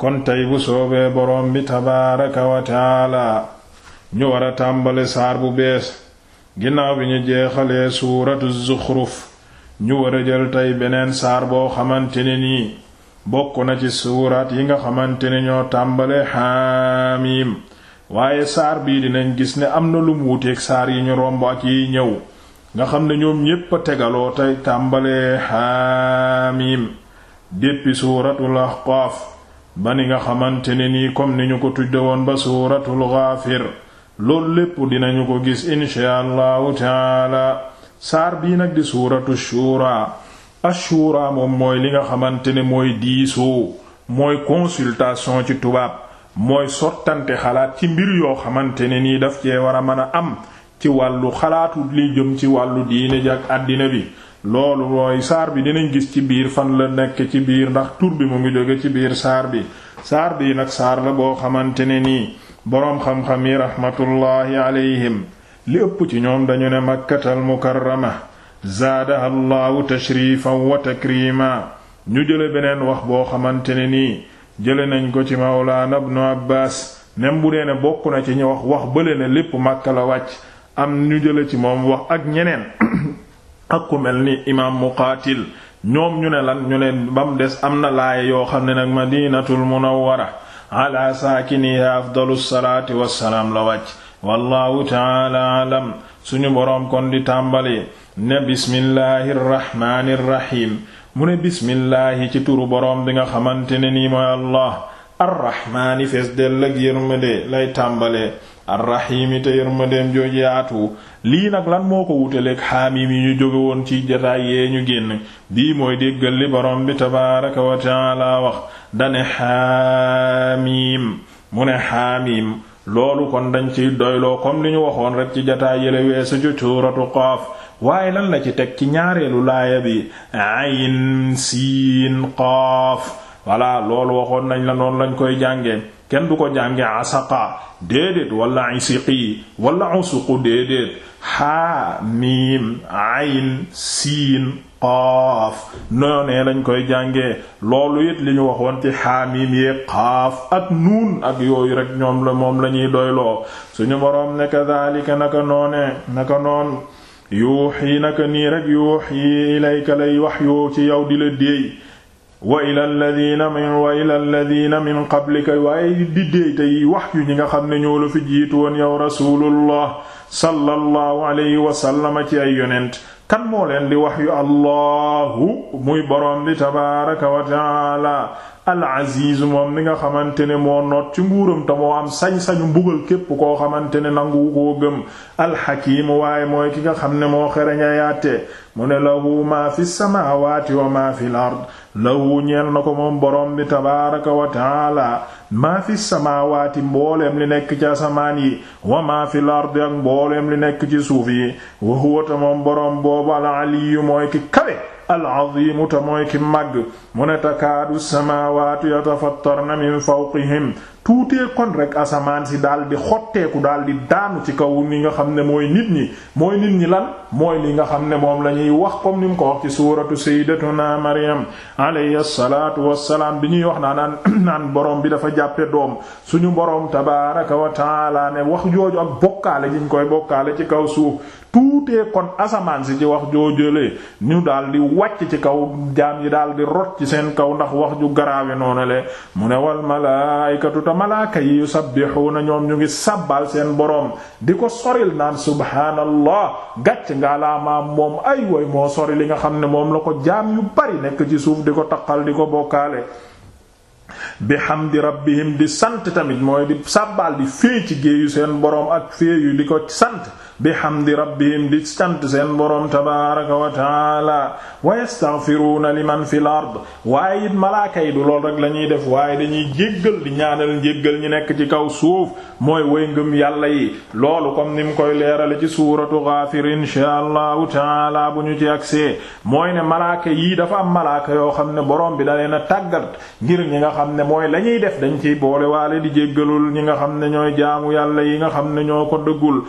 kon tey bu soobee boroom bi tabaaraka ñu war a tàmbali saar bu bees ginnaaw bi ñu jeexalee suuratu zuxruf ñu war a jël tey beneen saar boo xamante ne nii bokk na ci suuraat yi nga xamante ne ñoo tàmbale xaamiim waaye saar bii dinañ gis ne am na lum wuuteeg saar yi ñu romb ak yi ñëw nga xam ne ñoom ñépp a tegaloo tey tàmbalee xaamiim déppi suuratul ahqaaf ba ni nga xamante ne nii comme ni ñu ko tudde woon ba suuratul Gaafir loolu lépp dinañu ko gis inshaa allahu taala saar bii nag di suuratu shuura ashuura moom mooy li nga xamante ne mooy diisoo mooy consultation ci tubaab mooy sottante xalaat ci mbir yoo xamante ne nii daf cee war a mën a am ci wàllu xalaatu li jëm ci wàllu diine ji ak àddina bi loolu mooy saar bi dinañ gis ci biir fan la nekk ci biir ndax tur bi mu ngi jóge ci biir saar bi saar bi nag saar la boo xamante ne nii boroom xam-xam yi raxmatullaahi alayhim li ëpp ci ñoom dañu ne makkatal mukarrama zaadaha llaahu tashrifan wa takrima ñu jële beneen wax boo xamante ne nii jële nañ ko ci mawlaana ibnu abbaas nem bu dee ne bokk na ci ñu wax wax bële ne lépp màkk la wàcc am ñu jële ci moom wax ak ñeneen ak ku mel ni imaam muqaatil ñoom ñu ne lan ñu ne ba mu des am na laaya yoo xam ne nag madinatul munawwara ala saakiniha afdalu salaati wassalaam la wàcc taala alam suñu boroom kon di tàmbali ne bismillahi rrahmaani rrahiim mu bismillaahi ci turu boroom bi nga xamante ne nii mooy allah fees del ak yërmande lay tàmbalee arrahimi te yërmandeem jooju yaatu lii nag lan moo ko wutaleeg xaamim yi ñu jóge woon ci jataay yee ñu génn bii mooy déggal li borom bi tabaaraka wa taala wax dane xaamim mu ne xaamim loolu kon dañ ci doyloo kom li ñu waxoon rekk ci jataay yële weesu ci suuratu qaaf waaye lan la ci teg ci ñaareelu laaya bi ayn siin qaaf voilà loolu waxoon nañ la noonu lañ koy jànge kenn du ko jànge asaqa déedéet wala isiqi wala usuqu déedéet haa miim siin qaaf noonee lañ koy jànge loolu it li ñu waxoon ci xaamim yi qaaf ak nuun ak yooyu rek ñoom la moom la ñuy doyloo suñu boroom ne kadhalika naka noone naka noon yuuxi naka nii rek yuuxi ilayka lay wax yoo ci yow di la déey wa ila alladina min wa ila alladina min qablika waaye di déeytey wax yu ñi nga xam ne ñoo fi jiitu woon yow rasulullah sallallahu alayhi wasallama ci ay yonent kan moo leen di wax yu allahu muy borom bi tabaraka wa taala al aziz moom ni nga xamante ne moo not ci nguuram te moo am sañ-sañu mbugal képp koo xamante ne nangu koo gëm alxakiim waaye mooy ki nga xam ne moo xereña yaate mu ne lahu maa fi samaawaati wa maa fi al-ard lahu ñeel na ko moom borom bi tabaaraka wa taala maa fi samaawaati mbooleem li nekk ci asamaan yi wa maa fi al-ard ak mbooleem li nekk ci suuf yi wa huwa ta moom borom boobu al-aliyyu mooy ki kawe al-aziimu ta mooy ki màgg mu ne takaadu samaawaatu yatafattarna min fawqihim tuutee kon rek asamaan si daal di xotteeku daal di daanu ci kaw ni nga xam ne mooy nit ñi mooy nit ñi lan mooy li nga xam ne moom la ñuy wax comme ni mu ko wax ci suuratu sayyidatuna Maryam alayhi salaatu wassalaam bi ñuy wax naa naan borom bi dafa jàppee doom suñu borom tabaaraka wa wax jooju ak bokkaale ji ñu koy bokkaale ci kaw suuf tuutee kon asamaan si ci wax joo ñu daal di wàcc ci kaw jaam yi daal di rot ci seen kaw ndax wax ju garaawe noonu le mu ne wal malaayikatu te malaaka yi yusabbihuna ñoom ñu ngi sabbal seen boroom di ko soril naan subhaanallah gàcc nga laamaam moom ay woy moo sori li nga xam ne moom la ko jaam yu bari nekk ci suuf di ko taqal di ko bokkaale bi hamdi rabbihim di sant tamit mooy di sàbbaal di fee ci géeyu seen boroom ak fee yu di ko sant bi hamdi rabbihim di sant seen boroom tabaaraka wa taala wa yastaghfiruuna liman fil ard waaye it malaaka yi du lool rek la ñuy def waaye dañuy jéggal di ñaanal njéggal ñi nekk ci kaw suuf mooy way ngëm yàlla yi loolu comme ni mu koy leerale ci suuratu Gaafir inshaa allahu taala bu ñu ci agsee mooy ne malaaka yii dafa am malaaka yoo xam ne boroom bi da leen a tàggat ngir ñi nga xam ne mooy la ñuy def dañ ciy boole waale di jéggalul ñi nga xam ne ñooy jaamu yàlla yi nga xam ne ñoo ko dëggul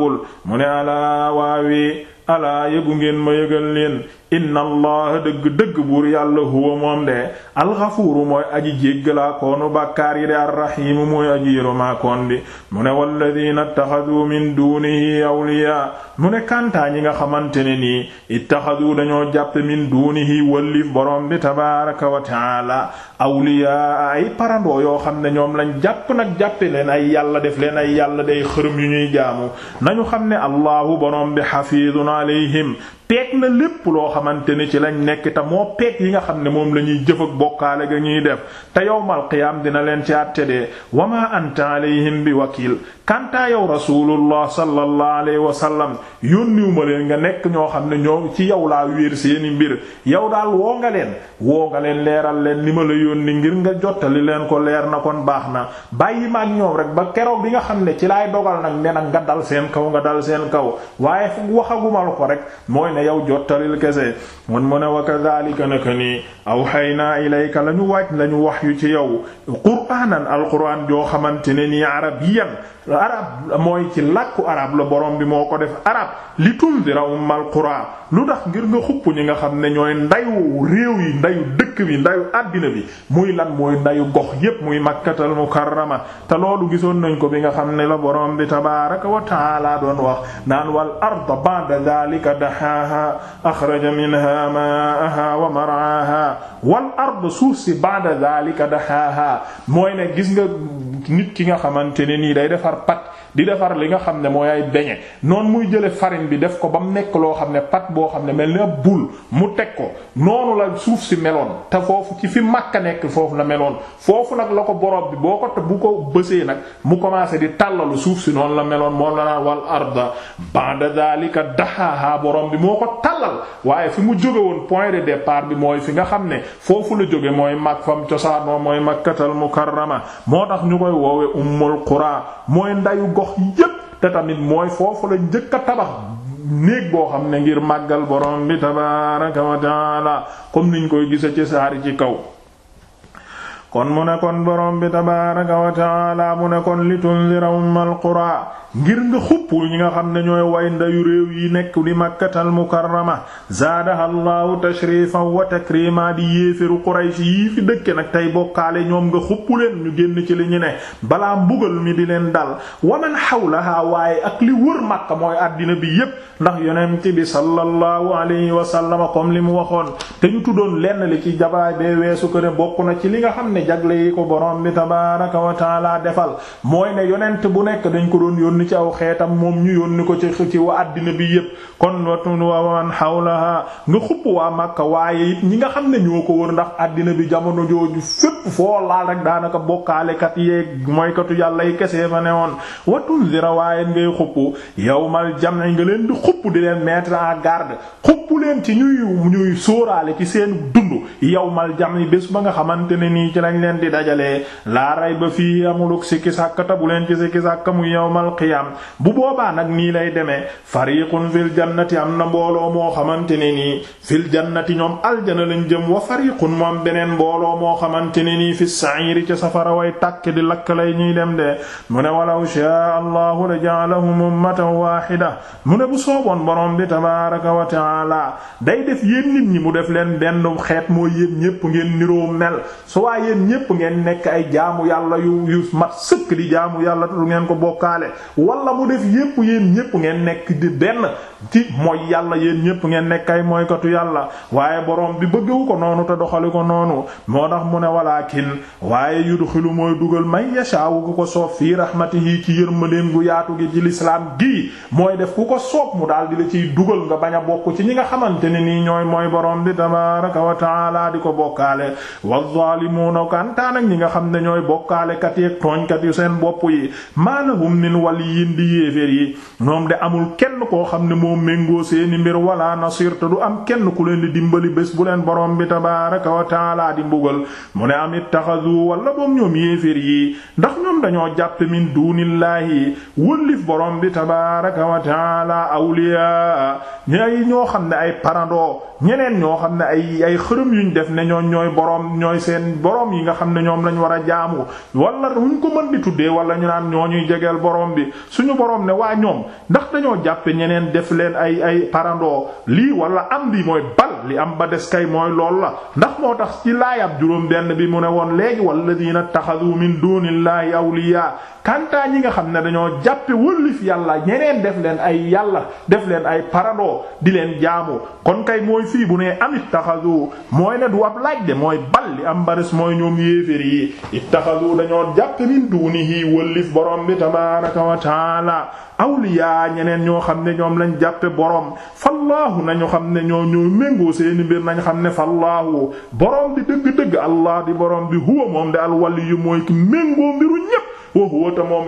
nangul mu ne alaa waawee alaa yëgu ngeen ma yëgal leen inna allah dëgg-dëgg buur yàlla huwa moom de alxafuuru mooy aji jéggalaa koonu bàkkaar yi de arrahiimu mooy aji yërëmaa koon di mu ne walladiina ittaxadu min duunihi awliyaa mu ne kantaa ñi nga xamante ne nii ittaxadu dañoo jàpp min duunihi wallif borom bi tabaaraka wa taala awliyaa ay parandoo yoo xam ne ñoom lañ jàpp nag jàppe leen ay yàlla def leen ay yàlla day xërëm yu ñuy jaamu nañu xam ne allahu borom bi xafiidun alayhim peeg na lépp loo xamante ne ci lañ nekk te moo peeg yi nga xam ne moom la ñuy jëf ak bokkaale ga ñuy def te yow yowmal qiyaam dina leen ci at àtte de wa ma anta alayhim bi wakiil kantaa yow rasulullah sallallahu alayhi wa sallam yónniwu ma leen nga nekk ñoo xam ne ñoo ci yow laa wéer seeni mbir yow daal woo nga leen woo nga leen leeral leen li ma la yónni ngir nga jottali leen ko leer na kon baax na bàyyi ma ak ñoom rek ba keroog bi nga xam ne ci laay dogal nag ne nag nga dal seen kaw nga dal seen kaw waaye fu waxagumal ko rek mooy ne yow jottalil kese man mu ne wa kadhalika naka nii awhaynaa ilayka la ñu waaj la ñu wax yu ci yow qur'aanan alquraan joo xamante ne nii arabiyyan arab mooy ci làkku arab la borom bi moo ko def arab li tunzira ummal qura lu tax ngir nga xupp ñi nga xam ne ñooy ndayu réew yi ndayu dëkk bi ndayu àddina bi muy lan mooy ndayu gox yépp muy makkatal mukarrama te loolu gisoon nañ ko bi nga xam ne la borom bi tabaaraka wa taala doon wax naan wal arda ba'da dhalika dahaaha akhraja minha ma'aha wa mar'aha wal arda suuf si ba'da dhalika dahaaha mooy ne gis nga nit ki nga xamante ne nii day defar pat di defar li nga xam ne mooy ay beñe noonu muy jële farine bi def ko ba mu nekk loo xam ne pat boo xam ne mel ni ab bul mu teg ko noonu la suuf si meloon te foofu ci fi Makka nekk foofu la meloon foofu nag la ko borom bi boo ko bu ko bësee nag mu commencé di tàllalu suuf si noonu la meloon moom la wal arda ba'da zalika dahaha borom bi moo ko tàllal waaye fi mu jóge woon point de départ bi mooy fi nga xam ne foofu la jóge mooy mag fam mooy Makkatal Mukarrama moo tax ñu ko koy woowe ummul qura mooy ndayu gox yépp te tamit mooy foofu la jëkk a tabax néeg boo xam ne ngir màggal borom bi tabaraka wa taala comme niñ koy gisa ci saari ci kaw kon mu ne kon borom bi tabaraka wa mu ne kon li tunzira ummul qura ngir nga xuppul ñi nga xam ne ñooy way ndayu réew yi nekk di makkatal mukarrama zaadaha allahu tashrifan wa takrima di yéeféru quraysh yii fi dëkke nag tey bokkaale ñoom nga xuppu leen ñu génn ci li ñu ne balaa mbugal mi di leen dal waman hawlaha waaye ak li wër makka mooy àddina bi yépp ndax yonent bi sallallahu alayhi wa sallam comme li mu waxoon te ñu tuddoon lenn li ci jabaay bee weesu ko ne bokk na ci li nga xam ne jagle yi ko borom bi tabaaraka wa defal mooy ne yonent nekk dañ ko doon yónni ci aw xeetam moom ñu yónni ko ci ci wa àddina bi yépp kon watun waman hawlaha nga xupp waa Makka waaye it ñi nga xam ne ñoo ko wër ndax àddina bi jamono jooju fépp foo laal rek daanaka bokkaalekat yeeg mooykatu yàlla yi kese fa ne woon watun zira waaye ngay xupp yawmal jam'i nga leen di xupp di leen mettre en garde xupp leen ci ñuy ñuy sóoraale ci seen dund yawmal jam'i bés ba nga xamante nii ci lañ leen di dajalee laa rayba fii amuluk sikki sàkkata qiyaam bu boobaa nag nii lay demee fariqun fil jannati am na mbooloo moo xamante ne nii fil jannati ñoom aljana lañ jëm wa fariqun moom beneen mbooloo moo xamante ne nii fi sa'iri ca safara way tàkk di lakk lay ñuy dem de mu ne walaw shaa allahu la ja'alahum ummatan waahida mu ne bu sooboon borom bi tabaaraka wa ta'aala day def yéen nit ñi mu def leen benn xeet mooy yéen ñépp ngeen niroo mel su waa yéen ñépp ngeen nekk ay jaamu yàlla yu yu mat sëkk yàlla ngeen ko bokkaale wala mu def yépp yéen ñépp ngeen nekk di benn ci mooy yàlla yéen ñépp ngeen nekk ay mooykatu yàlla waaye borom bi bëggewu ko noonu te doxali ko noonu moo tax mu ne walaakin waaye yudxilu mooy dugal man yashaawu ku ko soob fii yi ci yërmandeem gu yaatu gi ci lislaam gii mooy def ku ko soob mu daal di la ciy dugal nga bañ bokk ci ñi nga xamante ne nii ñooy mooy borom bi tabaaraka wa taala di ko bokkaale wa zaalimuuna kantaan ak ñi nga xam ne ñooy bokkaalekat yi yu seen bopp yi yéen di yéeféer yi ñoom de amul kenn koo xam ne moo méngoo seeni mbir wala nasir te du am kenn ku leen di dimbali bés bu leen boroom bi tabaaraka wa taala di mbugal mu ne am ittaxadu wala boom ñoom yéeféer yi ndax ñoom dañoo jàpp min duunillaahi wëllif borom bi tabaaraka wa taala awliyaa ñay ñoo xam ne ay parando ñeneen ñoo xam ne ay ay xërëm yuñ def ne ñoo ñooy borom ñooy seen borom yi nga xam ne ñoom lañ war a jaamu wala ko mën di tuddee wala ñu naan ñoo ñuy jegeel borom bi suñu boroom ne waa ñoom ndax dañoo jàppe ñeneen def leen ay ay parandoo lii wala am di mooy bal daal li am ba des kay mooy lool la ndax moo tax ci laayab juróom benn bi mu ne woon léegi walladina taxadu min dunillahi awliya kantaa ñi nga xam ne dañoo jàppe wëllif yàlla ñeneen def leen ay yàlla def leen ay parado di leen jaamu kon kay mooy fii bu ne am ittaxadu mooy ne du ab laaj de mooy bal li am ba des mooy ñoom yéefér yi ittaxadu dañoo jàppe min dunihi wëllif borom bi tabaraka wa taala awliya ñeneen ñoo xam ne ñoom lañ jàppe borom amru seeni mbir nañ xam ne fallaahu borom bi dëgg-dëgg allah di borom bi huwa moom de alwaliyu mooy ki méngoo mbiru ñépp wa huwa te moom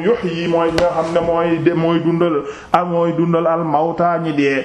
mooy nga xam ne mooy de mooy dundal a ah, mooy dundal al mawta ñi dee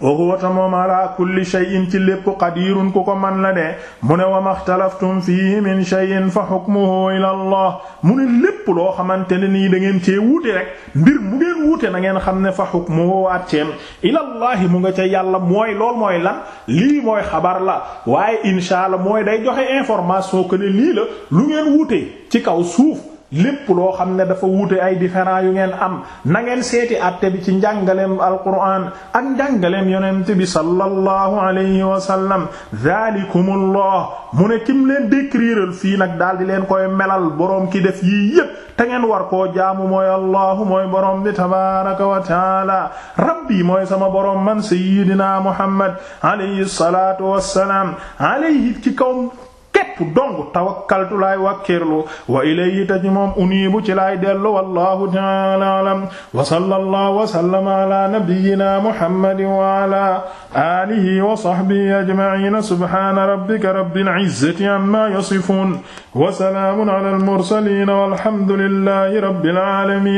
waxuwata moom ala kulli shay'in ci lépp qadirun ku ko man la de mu ne wa maxtalaftum fihi min shay'in fa hukmuhu ila mu ne lépp loo xamante ne nii da ngeen cee wuute rek mbir mu ngeen wuute na ngeen xam ne fa hukmuhu atteem ila allahi mu nga ca yàlla mooy lool mooy lan lii mooy xabar la waaye insha mooy day joxe information ko ne lii la lu ngeen wuute ci kaw suuf lépp loo xam ne dafa wuute ay différent yu ngeen am nangeen seeti atte bi ci njàngaleem alquran ak njàngaleem yonent bi sallallahu alayhi wa sallam zalikumullah mu ne kim leen décriral fii nag daal di leen koy melal boroom ki def yii yépp te ngeen war koo jaamu mooy allahu mooy boroom bi tabaraka wa taala rabbi mooy sama boroom man sayyidina muhammad alayhi salatu wassalaam alayhi ci kaw képp dong tawakkaltu laay wàkkirlu wa ilayhi ta ci moom uniibu ci laay dellu wallahu ta'ala alam wa sallallahu wa sallama ala nabiyyina muhammadin wa ala alihi wa sahbihi ajma'in subhana rabbika rabbil izzati amma yasifun wa salamun ala al mursalin walhamdulillahi rabbil alamin